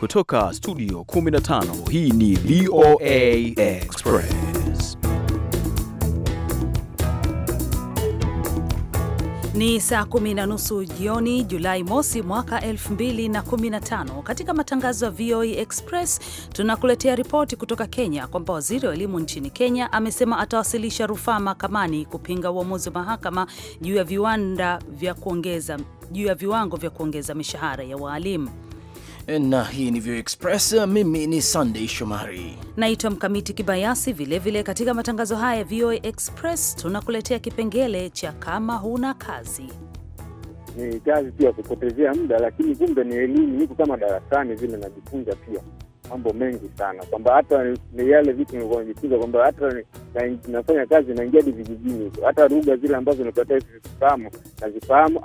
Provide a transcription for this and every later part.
Kutoka studio 15 hii ni VOA Express. Ni saa kumi na nusu jioni Julai mosi mwaka 2015. Katika matangazo ya VOA Express tunakuletea ripoti kutoka Kenya kwamba waziri wa elimu nchini Kenya amesema atawasilisha rufaa mahakamani kupinga uamuzi wa mahakama juu ya viwanda vya kuongeza juu ya viwango vya kuongeza mishahara ya waalimu na hii ni Vio Express. Mimi ni Sunday Shomari, naitwa Mkamiti Kibayasi. Vilevile vile katika matangazo haya ya VOA Express tunakuletea kipengele cha kama huna kazi ni kazi pia kupotezea muda, lakini kumbe ni elimu. Niko kama darasani vile, najifunza pia mambo mengi sana, kwamba hata ni yale vitu nilikuwa najifunza kwamba hata na, nafanya kazi naingia hadi vijijini, hata lugha zile ambazo nipata zifahamu nazifahamu.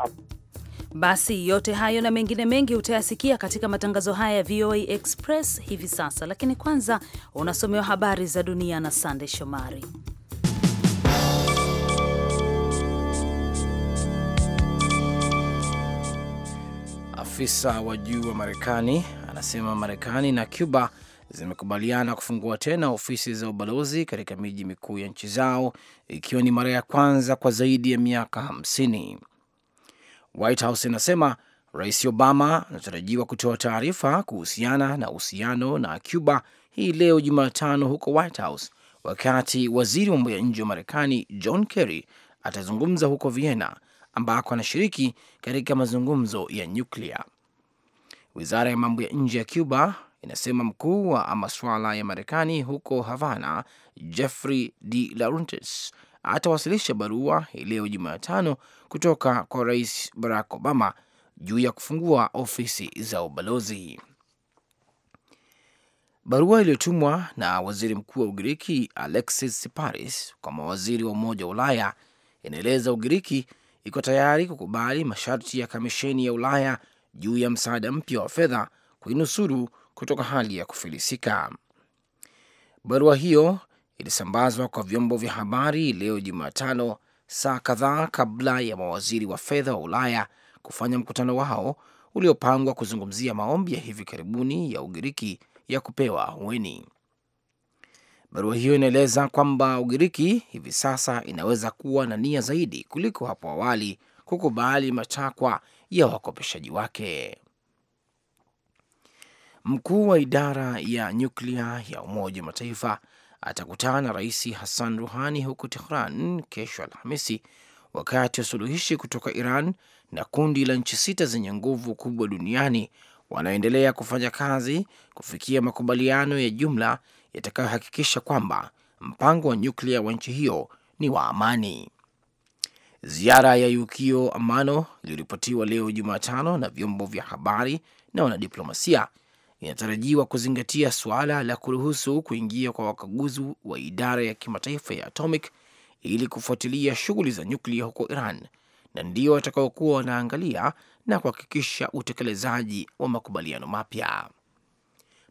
Basi yote hayo na mengine mengi utayasikia katika matangazo haya ya VOA Express hivi sasa, lakini kwanza unasomewa habari za dunia na Sande Shomari. Afisa wa juu wa Marekani anasema Marekani na Cuba zimekubaliana kufungua tena ofisi za ubalozi katika miji mikuu ya nchi zao ikiwa ni mara ya kwanza kwa zaidi ya miaka hamsini. White House inasema Rais Obama anatarajiwa kutoa taarifa kuhusiana na uhusiano na Cuba hii leo Jumatano huko White House, wakati waziri wa mambo ya nje wa Marekani John Kerry atazungumza huko Vienna ambako anashiriki katika mazungumzo ya nyuklia. Wizara ya mambo ya nje ya Cuba inasema mkuu wa masuala ya Marekani huko Havana Jeffrey de Laurentis, atawasilisha barua hii leo Jumatano kutoka kwa Rais Barack Obama juu ya kufungua ofisi za ubalozi. Barua iliyotumwa na waziri mkuu wa Ugiriki Alexis Siparis kwa mawaziri wa Umoja wa Ulaya inaeleza Ugiriki iko tayari kukubali masharti ya Kamisheni ya Ulaya juu ya msaada mpya wa fedha kuinusuru kutoka hali ya kufilisika. Barua hiyo ilisambazwa kwa vyombo vya habari leo Jumatano, saa kadhaa kabla ya mawaziri wa fedha wa Ulaya kufanya mkutano wao uliopangwa kuzungumzia maombi ya hivi karibuni ya Ugiriki ya kupewa ahueni. Barua hiyo inaeleza kwamba Ugiriki hivi sasa inaweza kuwa na nia zaidi kuliko hapo awali kukubali matakwa ya wakopeshaji wake. Mkuu wa idara ya nyuklia ya Umoja wa Mataifa atakutana na Rais Hassan Ruhani huko Tehran kesho Alhamisi, wakati wasuluhishi kutoka Iran na kundi la nchi sita zenye nguvu kubwa duniani wanaendelea kufanya kazi kufikia makubaliano ya jumla yatakayohakikisha kwamba mpango wa nyuklia wa nchi hiyo ni wa amani. Ziara ya Yukio Amano iliripotiwa leo Jumatano na vyombo vya habari na wanadiplomasia inatarajiwa kuzingatia suala la kuruhusu kuingia kwa wakaguzi wa idara ya kimataifa ya Atomic ili kufuatilia shughuli za nyuklia huko Iran, na ndio watakaokuwa wanaangalia na kuhakikisha utekelezaji wa makubaliano mapya.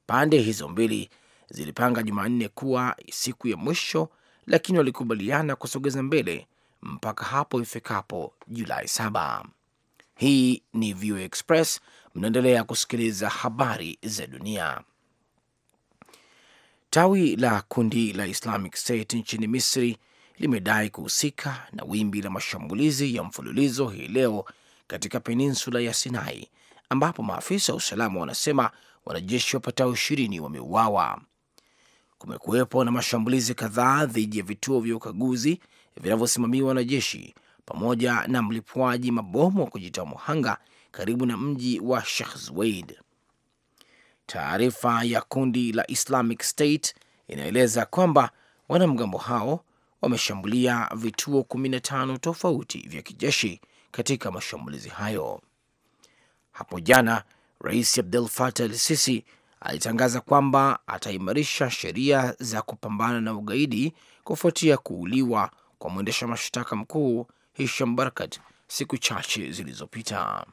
Pande hizo mbili zilipanga Jumanne kuwa siku ya mwisho, lakini walikubaliana kusogeza mbele mpaka hapo ifikapo Julai saba. Hii ni VOA Express, mnaendelea kusikiliza habari za dunia. Tawi la kundi la Islamic State nchini Misri limedai kuhusika na wimbi la mashambulizi ya mfululizo hii leo katika peninsula ya Sinai, ambapo maafisa wa usalama wanasema wanajeshi wapatao ishirini wameuawa. Kumekuwepo na mashambulizi kadhaa dhidi ya vituo vya ukaguzi vinavyosimamiwa na jeshi pamoja na mlipuaji mabomu wa kujitoa muhanga karibu na mji wa Sheikh Zuweid. Taarifa ya kundi la Islamic State inaeleza kwamba wanamgambo hao wameshambulia vituo 15 tofauti vya kijeshi katika mashambulizi hayo. Hapo jana Rais Abdel Fattah el-Sisi alitangaza kwamba ataimarisha sheria za kupambana na ugaidi kufuatia kuuliwa kwa mwendesha mashtaka mkuu Hisham Barakat siku chache zilizopita.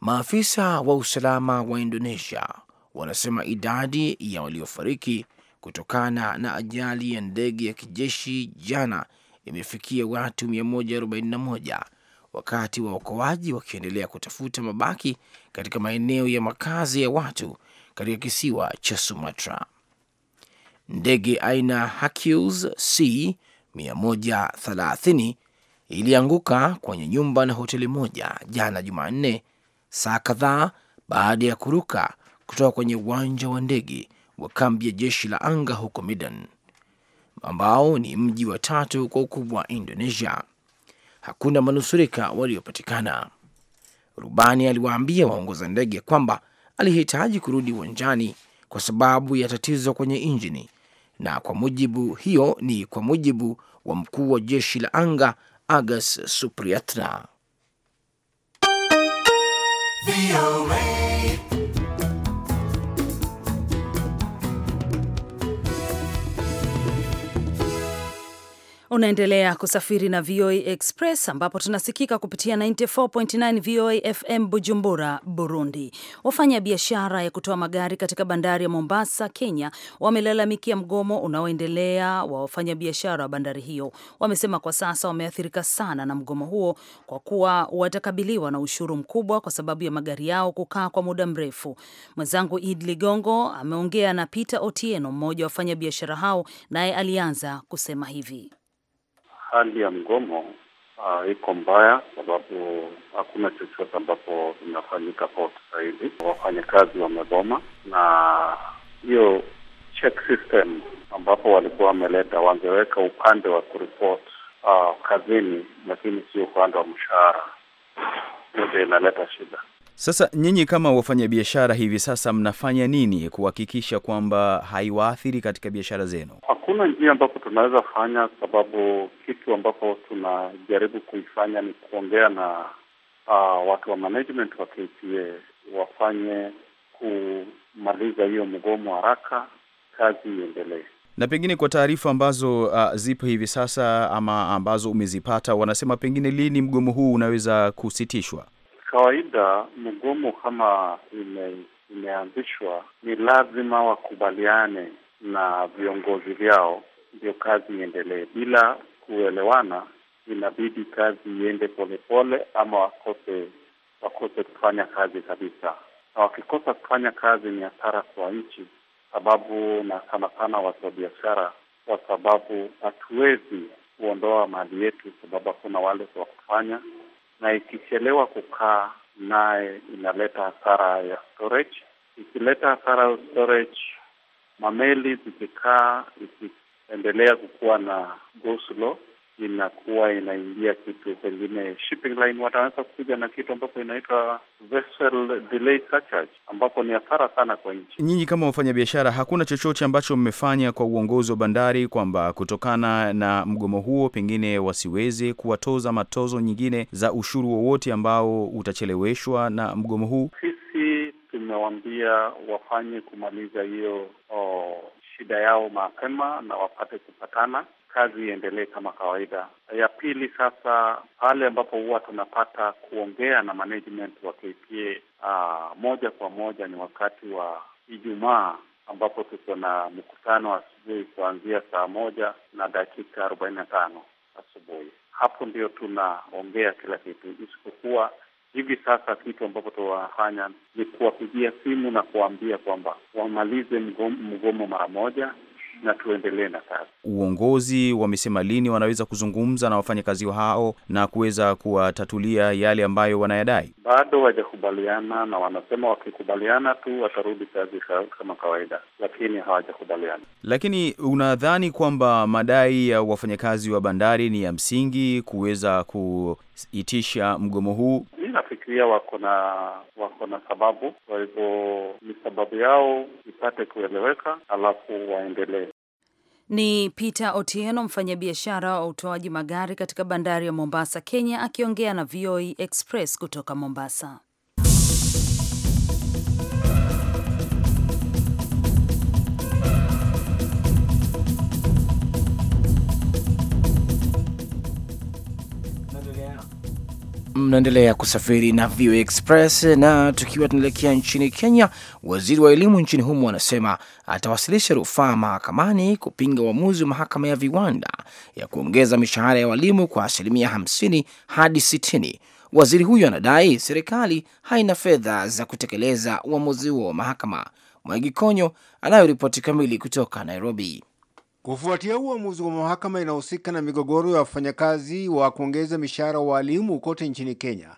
Maafisa wa usalama wa Indonesia wanasema idadi ya waliofariki kutokana na ajali ya ndege ya kijeshi jana imefikia watu 141 wakati waokoaji wakiendelea kutafuta mabaki katika maeneo ya makazi ya watu katika kisiwa cha Sumatra. Ndege aina Hercules C 130 ilianguka kwenye nyumba na hoteli moja jana Jumanne, saa kadhaa baada ya kuruka kutoka kwenye uwanja wa ndege wa kambi ya jeshi la anga huko Medan, ambao ni mji wa tatu kwa ukubwa wa Indonesia. Hakuna manusurika waliopatikana. Rubani aliwaambia waongoza ndege kwamba alihitaji kurudi uwanjani kwa sababu ya tatizo kwenye injini na kwa mujibu hiyo ni kwa mujibu wa mkuu wa jeshi la anga Agus Supriatna. Unaendelea kusafiri na VOA Express ambapo tunasikika kupitia 94.9 VOA FM Bujumbura, Burundi. Wafanya biashara ya kutoa magari katika bandari ya Mombasa, Kenya wamelalamikia mgomo unaoendelea wa wafanyabiashara wa bandari hiyo. Wamesema kwa sasa wameathirika sana na mgomo huo kwa kuwa watakabiliwa na ushuru mkubwa kwa sababu ya magari yao kukaa kwa muda mrefu. Mwenzangu Id Ligongo ameongea na Peter Otieno, mmoja wa wafanyabiashara hao, naye alianza kusema hivi hali ya mgomo uh, iko mbaya, sababu hakuna chochote ambapo inafanyika kwa sasa hivi. Wafanyakazi wamegoma, na hiyo check system ambapo walikuwa wameleta, wangeweka upande wa kuripot uh, kazini, lakini sio upande wa mshahara, yote inaleta shida. Sasa nyinyi kama wafanyabiashara hivi sasa mnafanya nini kuhakikisha kwamba haiwaathiri katika biashara zenu? Hakuna njia ambapo tunaweza fanya, sababu kitu ambapo tunajaribu kuifanya ni kuongea na uh, watu wa management wa KPA wafanye kumaliza hiyo mgomo haraka, kazi iendelee na pengine kwa taarifa ambazo uh, zipo hivi sasa ama ambazo umezipata, wanasema pengine lini mgomo huu unaweza kusitishwa? kawaida mgomo kama ime, imeanzishwa ni lazima wakubaliane na viongozi vyao ndio kazi iendelee. Bila kuelewana, inabidi kazi iende polepole, ama wakose wakose kufanya kazi kabisa. Na wakikosa kufanya kazi, ni hasara kwa nchi, sababu na sana sana watu wa biashara, kwa sababu hatuwezi kuondoa mali yetu, sababu hakuna wale wa kufanya na ikichelewa kukaa naye inaleta hasara ya storage. Ikileta hasara ya storage, mameli zikikaa ikiendelea kukuwa na go slow inakuwa inaingia kitu pengine shipping line, wataanza kuja na kitu ambapo inaitwa vessel delay surcharge, ambapo ni hasara sana kwa nchi. Nyinyi kama wafanyabiashara, hakuna chochote ambacho mmefanya kwa uongozi wa bandari kwamba kutokana na mgomo huo pengine wasiweze kuwatoza matozo nyingine za ushuru wowote ambao utacheleweshwa na mgomo huu? Sisi tumewaambia wafanye kumaliza hiyo oh, shida yao mapema na wapate kupatana kazi iendelee kama kawaida. Ya pili sasa, pale ambapo huwa tunapata kuongea na management wa KPA aa, ah, moja kwa moja ni wakati wa Ijumaa ambapo tuko na mkutano asubuhi kuanzia saa moja na dakika arobaini na tano asubuhi. Hapo ndio tunaongea kila kitu, isipokuwa hivi sasa kitu ambapo tunafanya ni kuwapigia simu na kuwaambia kwamba wamalize mgomo mara moja na tuendelee na kazi. Uongozi wamesema lini wanaweza kuzungumza na wafanyakazi hao na kuweza kuwatatulia yale ambayo wanayadai? Bado hawajakubaliana, na wanasema wakikubaliana tu watarudi kazi kama kawaida, lakini hawajakubaliana. Lakini unadhani kwamba madai ya wafanyakazi wa bandari ni ya msingi kuweza kuitisha mgomo huu? nafikiria wako na wako na sababu, kwa hivyo ni sababu yao ipate kueleweka, alafu waendelee. Ni Peter Otieno, mfanyabiashara wa utoaji magari katika bandari ya Mombasa, Kenya, akiongea na VOA e Express kutoka Mombasa. Mnaendelea kusafiri na VOA Express na tukiwa tunaelekea nchini Kenya, waziri wa elimu nchini humo anasema atawasilisha rufaa mahakamani kupinga uamuzi wa mahakama ya viwanda ya kuongeza mishahara ya walimu kwa asilimia 50 hadi 60. Waziri huyo anadai serikali haina fedha za kutekeleza uamuzi huo wa mahakama. Mwagi Konyo anayo ripoti kamili kutoka Nairobi. Kufuatia uamuzi wa mahakama inayohusika na migogoro ya wafanyakazi wa kuongeza mishahara wa walimu kote nchini Kenya,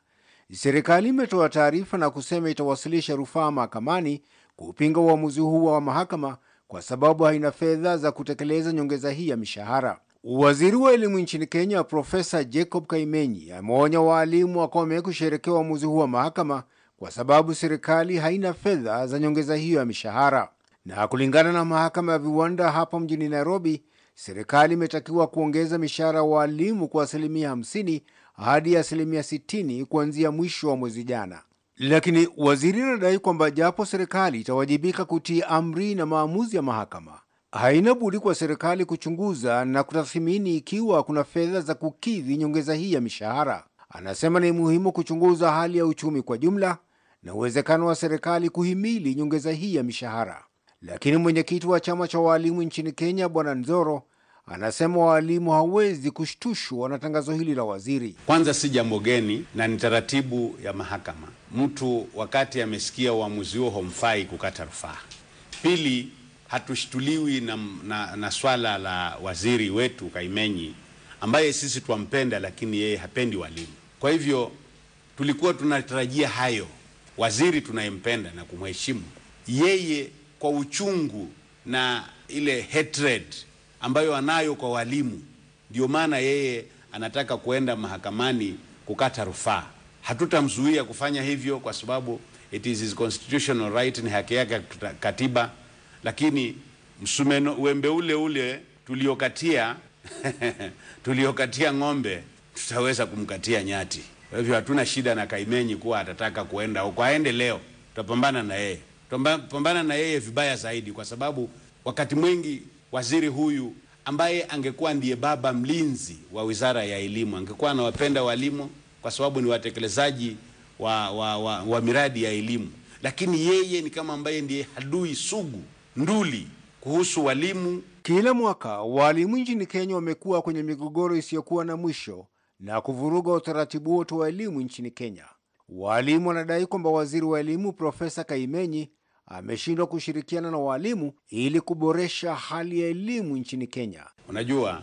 serikali imetoa taarifa na kusema itawasilisha rufaa mahakamani kupinga uamuzi huo wa mahakama kwa sababu haina fedha za kutekeleza nyongeza hii ya mishahara. Waziri wa elimu nchini Kenya Profesa Jacob Kaimenyi ameonya waalimu wakome kusherekea uamuzi huo wa mahakama kwa sababu serikali haina fedha za nyongeza hiyo ya mishahara. Na kulingana na mahakama ya viwanda hapa mjini Nairobi, serikali imetakiwa kuongeza mishahara wa walimu kwa asilimia 50 hadi asilimia 60 kuanzia mwisho wa mwezi jana. Lakini waziri anadai kwamba japo serikali itawajibika kutii amri na maamuzi ya mahakama, haina budi kwa serikali kuchunguza na kutathmini ikiwa kuna fedha za kukidhi nyongeza hii ya mishahara. Anasema ni muhimu kuchunguza hali ya uchumi kwa jumla na uwezekano wa serikali kuhimili nyongeza hii ya mishahara. Lakini mwenyekiti wa chama cha waalimu nchini Kenya Bwana Nzoro anasema waalimu hawezi kushtushwa na tangazo hili la waziri. Kwanza si jambo geni na ni taratibu ya mahakama, mtu wakati amesikia uamuzi huo homfai kukata rufaa. Pili, hatushtuliwi na, na, na swala la waziri wetu Kaimenyi ambaye sisi twampenda, lakini yeye hapendi walimu. Kwa hivyo tulikuwa tunatarajia hayo. Waziri tunayempenda na kumheshimu yeye kwa uchungu na ile hatred ambayo anayo kwa walimu. Ndio maana yeye anataka kuenda mahakamani kukata rufaa. Hatutamzuia kufanya hivyo kwa sababu it is his constitutional right, ni haki yake katiba, lakini msumeno wembe ule ule tuliokatia tuliokatia ng'ombe tutaweza kumkatia nyati. Kwa hivyo hatuna shida na Kaimenyi kuwa atataka kuenda huko, aende leo, tutapambana na yeye pambana na yeye vibaya zaidi, kwa sababu wakati mwingi waziri huyu ambaye angekuwa ndiye baba mlinzi wa wizara ya elimu angekuwa anawapenda walimu kwa sababu ni watekelezaji wa, wa, wa, wa miradi ya elimu, lakini yeye ni kama ambaye ndiye adui sugu nduli kuhusu walimu. Kila mwaka walimu nchini Kenya wamekuwa kwenye migogoro isiyokuwa na mwisho na kuvuruga utaratibu wote wa elimu nchini Kenya. Walimu wanadai kwamba waziri wa elimu Profesa Kaimenyi ameshindwa kushirikiana na waalimu ili kuboresha hali ya elimu nchini Kenya. Unajua,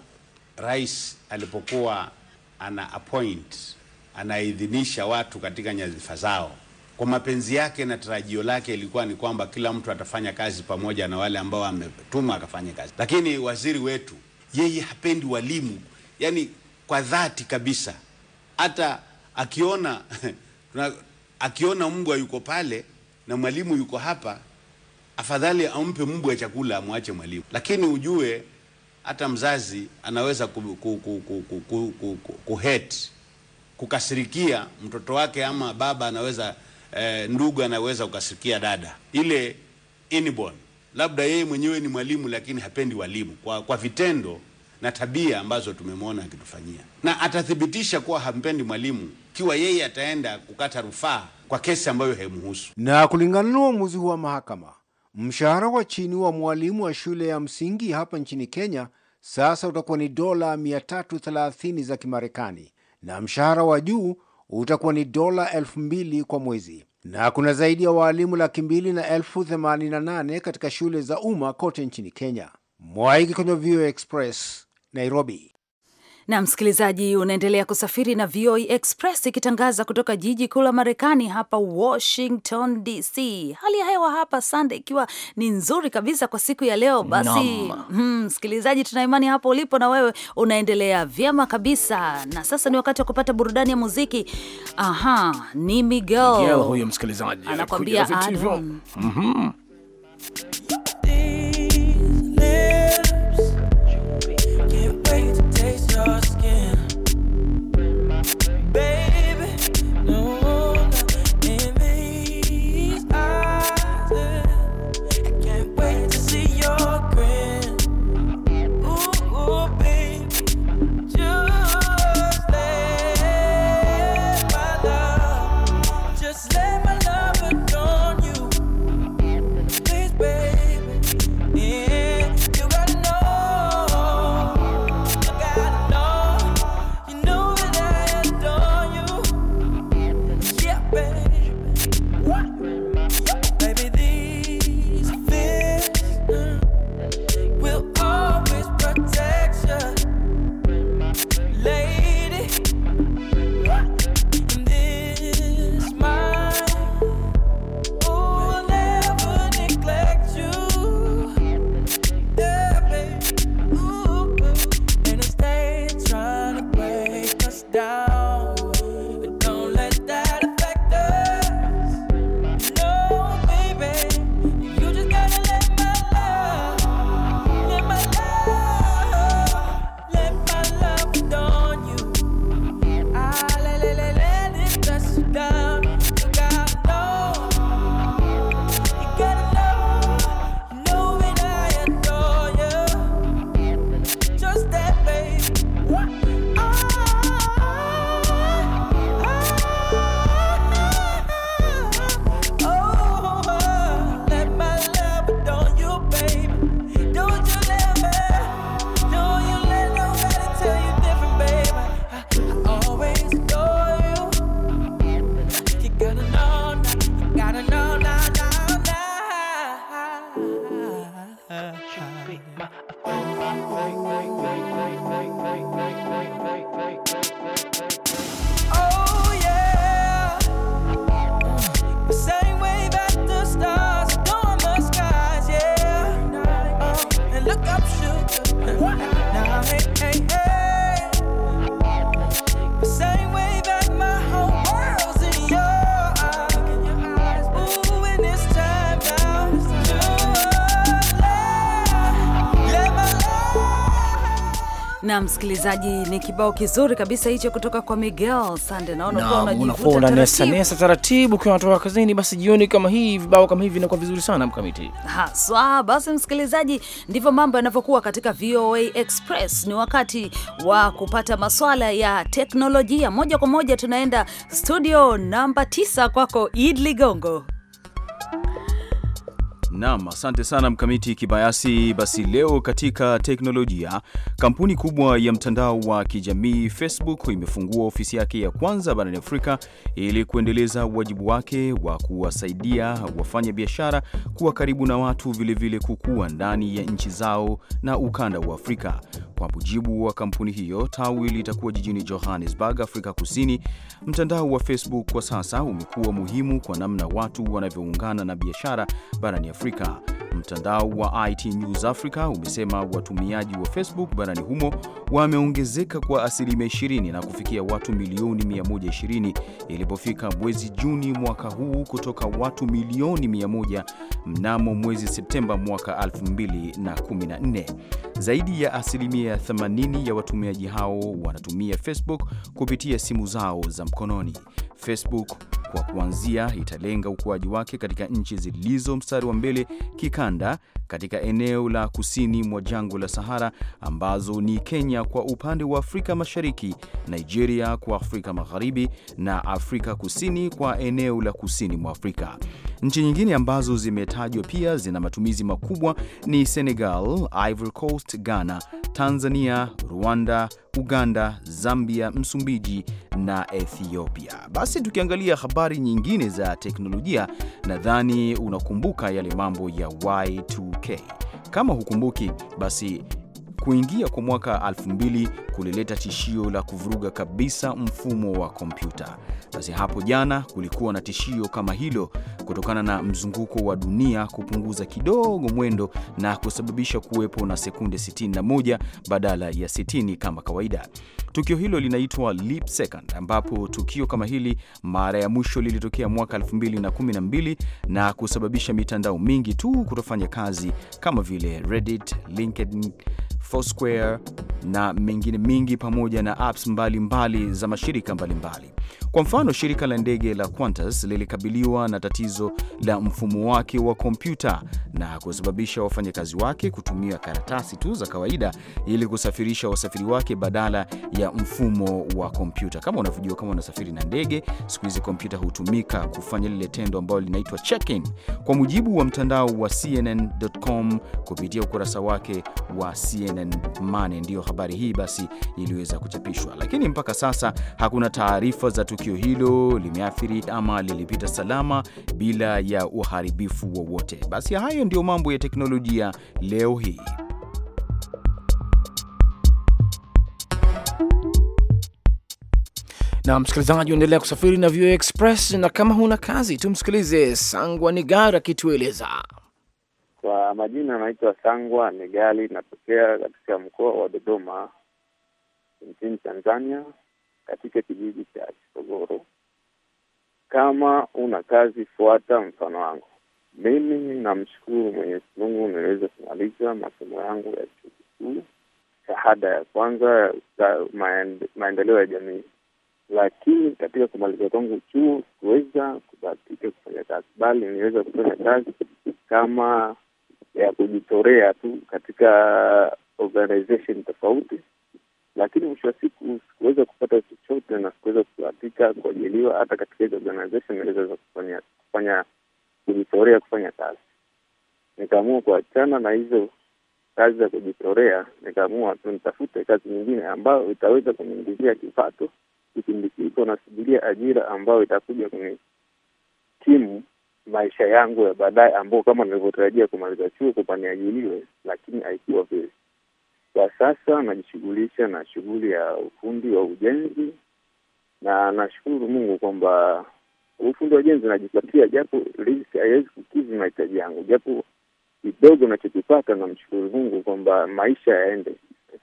rais alipokuwa ana appoint anaidhinisha watu katika nyadhifa zao kwa mapenzi yake na tarajio lake ilikuwa ni kwamba kila mtu atafanya kazi pamoja na wale ambao ametumwa akafanya kazi. Lakini waziri wetu yeye hapendi walimu, yani kwa dhati kabisa. Hata akiona akiona mbwa yuko pale na mwalimu yuko hapa, afadhali ampe mbwa chakula amwache mwalimu. Lakini ujue hata mzazi anaweza ku, ku, ku, ku, ku, ku, ku, ku, kuhate kukasirikia mtoto wake, ama baba anaweza eh, ndugu anaweza kukasirikia dada, ile inborn. Labda yeye mwenyewe ni mwalimu lakini hapendi walimu kwa, kwa vitendo na tabia ambazo tumemwona akitufanyia, na atathibitisha kuwa hampendi mwalimu kiwa yeye ataenda kukata rufaa kwa kesi ambayo haimhusu. Na kulingana na uamuzi huu wa mahakama, mshahara wa chini wa mwalimu wa shule ya msingi hapa nchini Kenya sasa utakuwa ni dola 330 za Kimarekani na mshahara wa juu utakuwa ni dola 2000 kwa mwezi. Na kuna zaidi ya waalimu laki mbili na elfu themanini na nane katika shule za umma kote nchini Kenya. Mwaiki kwenye VOA Express, Nairobi na msikilizaji, unaendelea kusafiri na VOA e Express ikitangaza kutoka jiji kuu la Marekani hapa Washington DC. Hali ya hewa hapa Sunday ikiwa ni nzuri kabisa kwa siku ya leo. Basi hmm, msikilizaji, hmm, tunaimani hapo ulipo na wewe unaendelea vyema kabisa, na sasa ni wakati wa kupata burudani ya muziki. Aha, ni Miguel huyo msikilizaji anakuambia na msikilizaji, ni kibao kizuri kabisa hicho kutoka kwa Miguel Sande. Naona nesa nesa taratibu ukiwa unatoka kazini, basi jioni kama hii vibao kama hivi vinakuwa vizuri sana mkamiti haswa. Basi msikilizaji, ndivyo mambo yanavyokuwa katika VOA Express. Ni wakati wa kupata maswala ya teknolojia moja kwa moja. Tunaenda studio namba 9 kwako Id Ligongo. Naam, asante sana Mkamiti Kibayasi. Basi leo katika teknolojia, kampuni kubwa ya mtandao wa kijamii Facebook imefungua ofisi yake ya kwanza barani Afrika ili kuendeleza wajibu wake wa kuwasaidia wafanya biashara kuwa karibu na watu, vilevile vile kukua ndani ya nchi zao na ukanda wa Afrika. Kwa mujibu wa kampuni hiyo, tawi litakuwa jijini Johannesburg, Afrika Kusini. Mtandao wa Facebook kwa sasa umekuwa muhimu kwa namna watu wanavyoungana na biashara barani Afrika. Mtandao wa IT News Africa umesema watumiaji wa Facebook barani humo wameongezeka kwa asilimia 20 na kufikia watu milioni 120 ilipofika mwezi Juni mwaka huu kutoka watu milioni 100 mnamo mwezi Septemba mwaka 2014. Zaidi ya asilimia 80 ya watumiaji hao wanatumia Facebook kupitia simu zao za mkononi. Facebook kwa kuanzia italenga ukuaji wake katika nchi zilizo mstari wa mbele kikanda katika eneo la kusini mwa jangwa la Sahara ambazo ni Kenya kwa upande wa Afrika Mashariki, Nigeria kwa Afrika Magharibi na Afrika Kusini kwa eneo la kusini mwa Afrika. Nchi nyingine ambazo zimetajwa pia zina matumizi makubwa ni Senegal, Ivory Coast, Ghana, Tanzania, Rwanda, Uganda, Zambia, Msumbiji na Ethiopia. Basi tukiangalia habari nyingine za teknolojia, nadhani unakumbuka yale mambo ya Y2K. UK. Kama hukumbuki, basi kuingia kwa mwaka 2000 kulileta tishio la kuvuruga kabisa mfumo wa kompyuta. Basi hapo jana kulikuwa na tishio kama hilo kutokana na mzunguko wa dunia kupunguza kidogo mwendo na kusababisha kuwepo na sekunde 61 badala ya 60 kama kawaida. Tukio hilo linaitwa leap second, ambapo tukio kama hili mara ya mwisho lilitokea mwaka 2012 na kusababisha mitandao mingi tu kutofanya kazi kama vile Reddit, LinkedIn Foursquare na mengine mingi pamoja na apps mbalimbali mbali za mashirika mbalimbali mbali. Kwa mfano, shirika la ndege la Qantas lilikabiliwa na tatizo la mfumo wake wa kompyuta na kusababisha wafanyakazi wake kutumia karatasi tu za kawaida ili kusafirisha wasafiri wake badala ya mfumo wa kompyuta. Kama unavyojua, kama unasafiri na ndege siku hizi kompyuta hutumika kufanya lile tendo ambalo linaitwa check-in. Kwa mujibu wa mtandao wa CNN.com kupitia ukurasa wake wa CNN mane ndiyo habari hii basi iliweza kuchapishwa, lakini mpaka sasa hakuna taarifa za tukio hilo limeathiri ama lilipita salama bila ya uharibifu wowote. Basi hayo ndiyo mambo ya teknolojia leo hii. na msikilizaji, uendelea kusafiri na VOA Express, na kama huna kazi tumsikilize Sangwa Nigara akitueleza kwa majina anaitwa Sangwa Negali, natokea katika mkoa wa Dodoma nchini Tanzania, katika kijiji cha Kisogoro. Kama una kazi, fuata mfano wangu. Mimi namshukuru Mwenyezi Mungu, nimeweza kumaliza masomo yangu ya chuo kikuu shahada ya kwanza ya maendeleo ya jamii, lakini katika kumaliza kwangu chuo sikuweza kubatika kufanya kazi, bali niliweza kufanya kazi kama ya kujitorea tu katika organization tofauti, lakini mwisho wa siku sikuweza kupata chochote na sikuweza kuandika kuajiliwa hata katika hizo organization niliweza kufanya kufanya kujitorea kufanya kazi. Nikaamua kuachana na hizo kazi za kujitorea nikaamua tu nitafute kazi nyingine ambayo itaweza kuniingizia kipato kipindi kiko nasubiria ajira ambayo itakuja kwenye timu maisha yangu ya baadaye, ambao kama nilivyotarajia kumaliza chuo kupaniajiliwe, lakini haikuwa vile. Kwa sasa najishughulisha na shughuli ya ufundi wa ujenzi, na nashukuru Mungu kwamba ufundi wa ujenzi najipatia, japo riziki haiwezi kukidhi mahitaji yangu, japo kidogo nachokipata, namshukuru Mungu kwamba maisha yaende.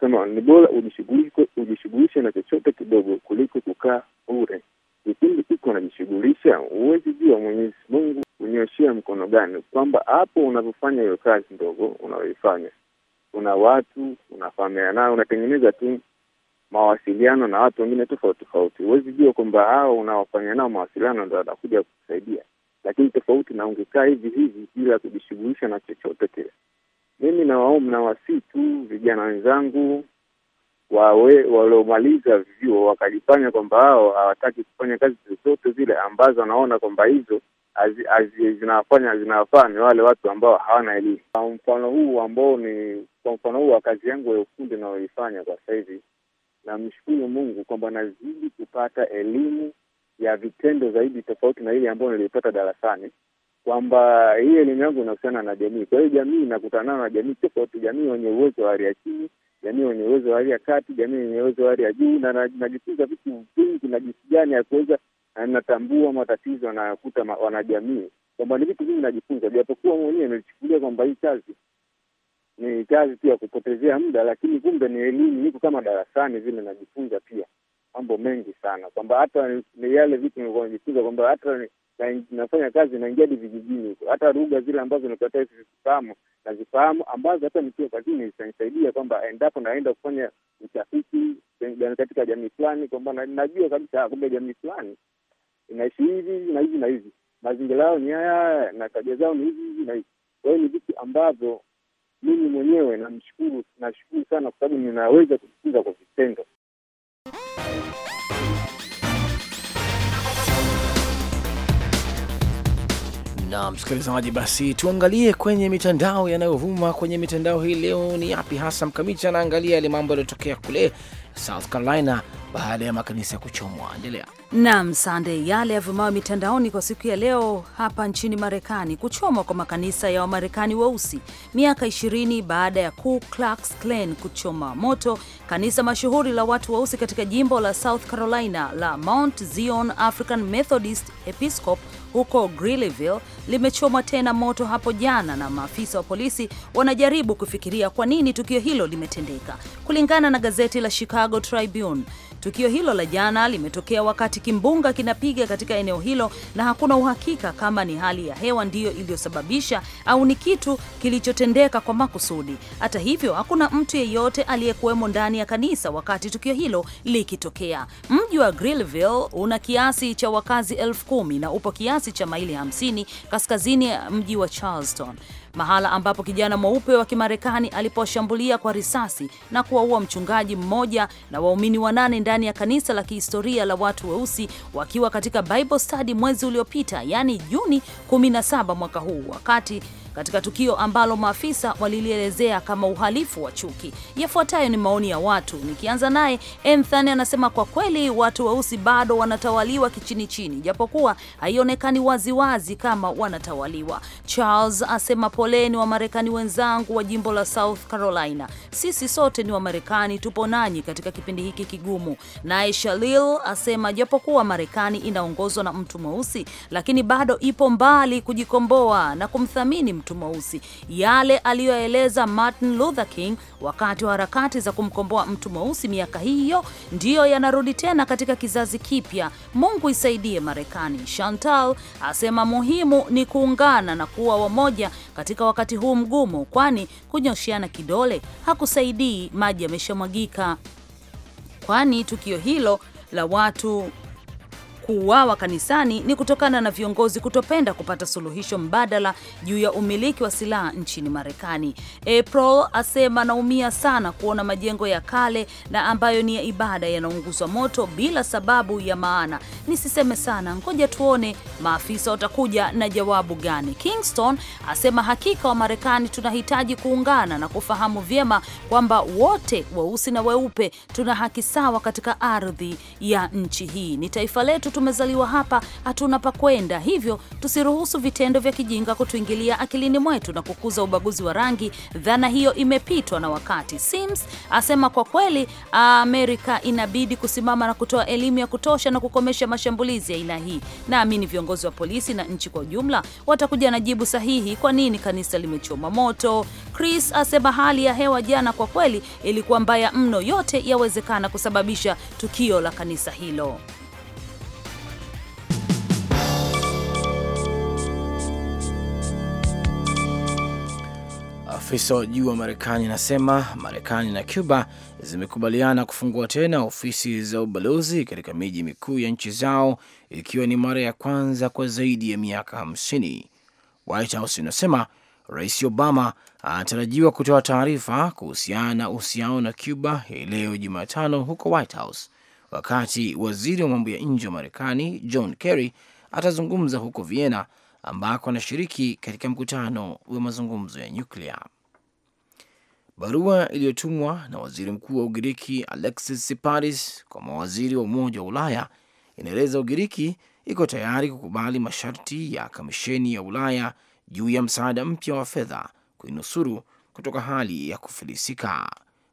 Sema ni bora ujishughulishe, ujishughulishe na chochote kidogo kuliko kukaa bure. Kipindi iko najishughulisha, huwezi jua Mwenyezi Mungu unyoshea mkono gani, kwamba hapo unavyofanya hiyo kazi ndogo unayoifanya, kuna watu unafahamiana nao, unatengeneza tu mawasiliano na watu wengine tofauti tofauti. Huwezi jua kwamba hao unaofanya nao mawasiliano ndo watakuja kukusaidia, lakini tofauti na ungekaa hivi hivi bila kujishughulisha na chochote kile. Mimi nawaomba tu vijana wenzangu wawe waliomaliza vyuo wakajifanya kwamba hao hawataki kufanya kazi zozote zile ambazo wanaona kwamba hizo zinafanya zinafaa ni wale watu ambao hawana elimu. Kwa mfano huu ambao ni kwa mfano huu wa kazi yangu ya ufundi nayoifanya kwa sasa hivi, namshukuru Mungu kwamba nazidi kupata elimu ya vitendo zaidi, tofauti na ile ambayo nilipata darasani, kwamba hii elimu yangu inahusiana na jamii. Kwa hiyo jamii inakutana na jamii tofauti, jamii wenye uwezo wa hali ya chini, jamii wenye uwezo wa hali ya kati, jamii wenye uwezo wa hali ya juu, na najifunza vitu vingi na jinsi gani ya kuweza na matatizo wanayokuta wanajamii, kwamba ni vitu vingi najifunza, japokuwa mwenyewe nilichukulia kwamba hii kazi ni kazi tu ya kupotezea muda, lakini kumbe ni elimu. Niko kama darasani vile, najifunza pia mambo mengi sana, kwamba hata ni yale vitu nilikuwa najifunza kwamba hata na, nafanya kazi naingia hadi vijijini huko, hata lugha zile ambazo nikatazifahamu nazifahamu, ambazo hata nikiwa kazini zitanisaidia kwamba endapo naenda kufanya utafiti eh, katika jamii fulani, kwamba najua kabisa kumbe jamii fulani inaishi hivi na hivi na hivi, mazingira yao ni haya na tabia zao ni hivi hivi na hivi. Kwa hiyo ni vitu ambavyo mimi mwenyewe namshukuru, nashukuru sana kwa sababu ninaweza kujifunza kwa vitendo. na msikilizaji, basi tuangalie kwenye mitandao yanayovuma kwenye mitandao hii leo. Ni yapi hasa Mkamiti anaangalia yale mambo yaliyotokea kule South Carolina baada ya makanisa ya kuchomwa. Endelea nam Sande, yale yavumayo mitandaoni kwa siku ya leo hapa nchini Marekani, kuchomwa kwa makanisa ya Wamarekani weusi wa miaka 20 baada ya Ku Klux Klan kuchoma moto kanisa mashuhuri la watu weusi wa katika jimbo la South Carolina la Mount Zion African Methodist Episcopal huko Greeleyville limechomwa tena moto hapo jana, na maafisa wa polisi wanajaribu kufikiria kwa nini tukio hilo limetendeka. Kulingana na gazeti la Chicago Tribune, Tukio hilo la jana limetokea wakati kimbunga kinapiga katika eneo hilo na hakuna uhakika kama ni hali ya hewa ndiyo iliyosababisha au ni kitu kilichotendeka kwa makusudi. Hata hivyo, hakuna mtu yeyote aliyekuwemo ndani ya kanisa wakati tukio hilo likitokea. Mji wa Grillville una kiasi cha wakazi elfu kumi na upo kiasi cha maili 50 kaskazini ya mji wa Charleston mahala ambapo kijana mweupe wa Kimarekani aliposhambulia kwa risasi na kuwaua mchungaji mmoja na waumini wanane ndani ya kanisa la kihistoria la watu weusi wakiwa katika Bible study mwezi uliopita, yaani Juni 17 mwaka huu wakati katika tukio ambalo maafisa walilielezea kama uhalifu wa chuki. Yafuatayo ni maoni ya watu, nikianza naye Enthan anasema, kwa kweli watu weusi bado wanatawaliwa kichini chini, japokuwa haionekani waziwazi kama wanatawaliwa. Charles asema, poleni wa Marekani wenzangu wa jimbo la South Carolina, sisi sote ni Wamarekani, tupo nanyi katika kipindi hiki kigumu. Naye Shalil asema, japokuwa Marekani inaongozwa na mtu mweusi, lakini bado ipo mbali kujikomboa na kumthamini mtu mweusi, yale aliyoeleza Martin Luther King wakati wa harakati za kumkomboa mtu mweusi miaka hiyo, ndiyo yanarudi tena katika kizazi kipya. Mungu isaidie Marekani. Chantal asema muhimu ni kuungana na kuwa wamoja katika wakati huu mgumu, kwani kunyoshiana kidole hakusaidii, maji yameshamwagika, kwani tukio hilo la watu kuuawa kanisani ni kutokana na viongozi kutopenda kupata suluhisho mbadala juu ya umiliki wa silaha nchini Marekani. April asema anaumia sana kuona majengo ya kale na ambayo ni ya ibada yanaunguzwa moto bila sababu ya maana. Nisiseme sana, ngoja tuone maafisa watakuja na jawabu gani. Kingston asema hakika wa Marekani tunahitaji kuungana na kufahamu vyema kwamba wote weusi na weupe tuna haki sawa katika ardhi ya nchi hii. Ni taifa letu tumezaliwa hapa, hatuna pa kwenda. Hivyo tusiruhusu vitendo vya kijinga kutuingilia akilini mwetu na kukuza ubaguzi wa rangi. Dhana hiyo imepitwa na wakati. Sims asema kwa kweli, Amerika inabidi kusimama na kutoa elimu ya kutosha na kukomesha mashambulizi ya aina hii. Naamini viongozi wa polisi na nchi kwa ujumla watakuja na jibu sahihi, kwa nini kanisa limechoma moto. Chris asema hali ya hewa jana kwa kweli ilikuwa mbaya mno, yote yawezekana kusababisha tukio la kanisa hilo. Afisa wa juu wa Marekani anasema Marekani na Cuba zimekubaliana kufungua tena ofisi za ubalozi katika miji mikuu ya nchi zao ikiwa ni mara ya kwanza kwa zaidi ya miaka hamsini. White House inasema Rais Obama anatarajiwa kutoa taarifa kuhusiana na uhusiano na Cuba hii leo Jumatano huko White House, wakati waziri wa mambo ya nje wa Marekani John Kerry atazungumza huko Vienna ambako anashiriki katika mkutano wa mazungumzo ya nyuklia. Barua iliyotumwa na waziri mkuu wa Ugiriki Alexis Siparis kwa mawaziri wa Umoja wa Ulaya inaeleza Ugiriki iko tayari kukubali masharti ya Kamisheni ya Ulaya juu ya msaada mpya wa fedha kuinusuru kutoka hali ya kufilisika.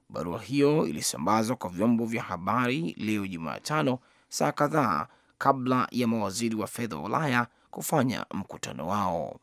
Barua hiyo ilisambazwa kwa vyombo vya habari leo Jumatano, saa kadhaa kabla ya mawaziri wa fedha wa Ulaya kufanya mkutano wao.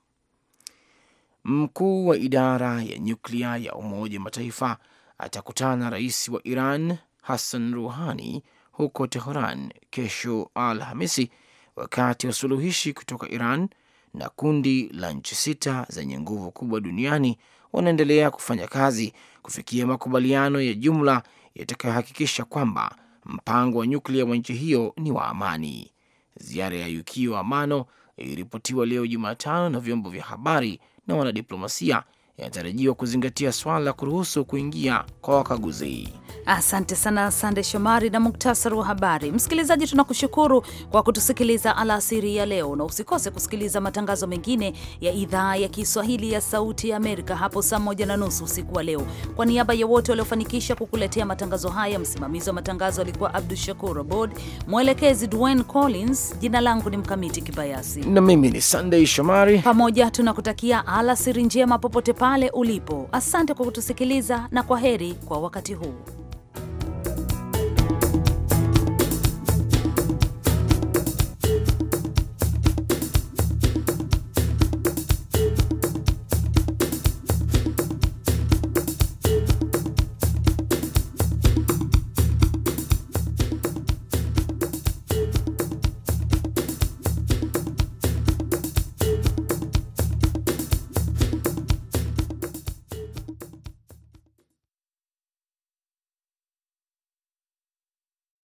Mkuu wa idara ya nyuklia ya Umoja Mataifa atakutana na rais wa Iran Hassan Ruhani huko Teheran kesho Alhamisi, wakati wa suluhishi kutoka Iran na kundi la nchi sita zenye nguvu kubwa duniani wanaendelea kufanya kazi kufikia makubaliano ya jumla yatakayohakikisha kwamba mpango wa nyuklia wa nchi hiyo ni wa amani. Ziara ya Yukio Amano iliripotiwa leo Jumatano na vyombo vya habari não à diplomacia yanatarajiwa kuzingatia swala la kuruhusu kuingia kwa wakaguzi. Asante sana Sande Shomari na muktasari wa habari. Msikilizaji, tunakushukuru kwa kutusikiliza alasiri ya leo, na usikose kusikiliza matangazo mengine ya idhaa ya Kiswahili ya Sauti ya Amerika hapo saa moja na nusu usiku wa leo. Kwa niaba ya wote waliofanikisha kukuletea matangazo haya, msimamizi wa matangazo alikuwa Abdu Shakur Abod, mwelekezi Dwayne Collins, jina langu ni Mkamiti Kibayasi na mimi ni Sandey Shomari. Pamoja tunakutakia alasiri njema popote pa pale ulipo. Asante kwa kutusikiliza na kwa heri kwa wakati huu.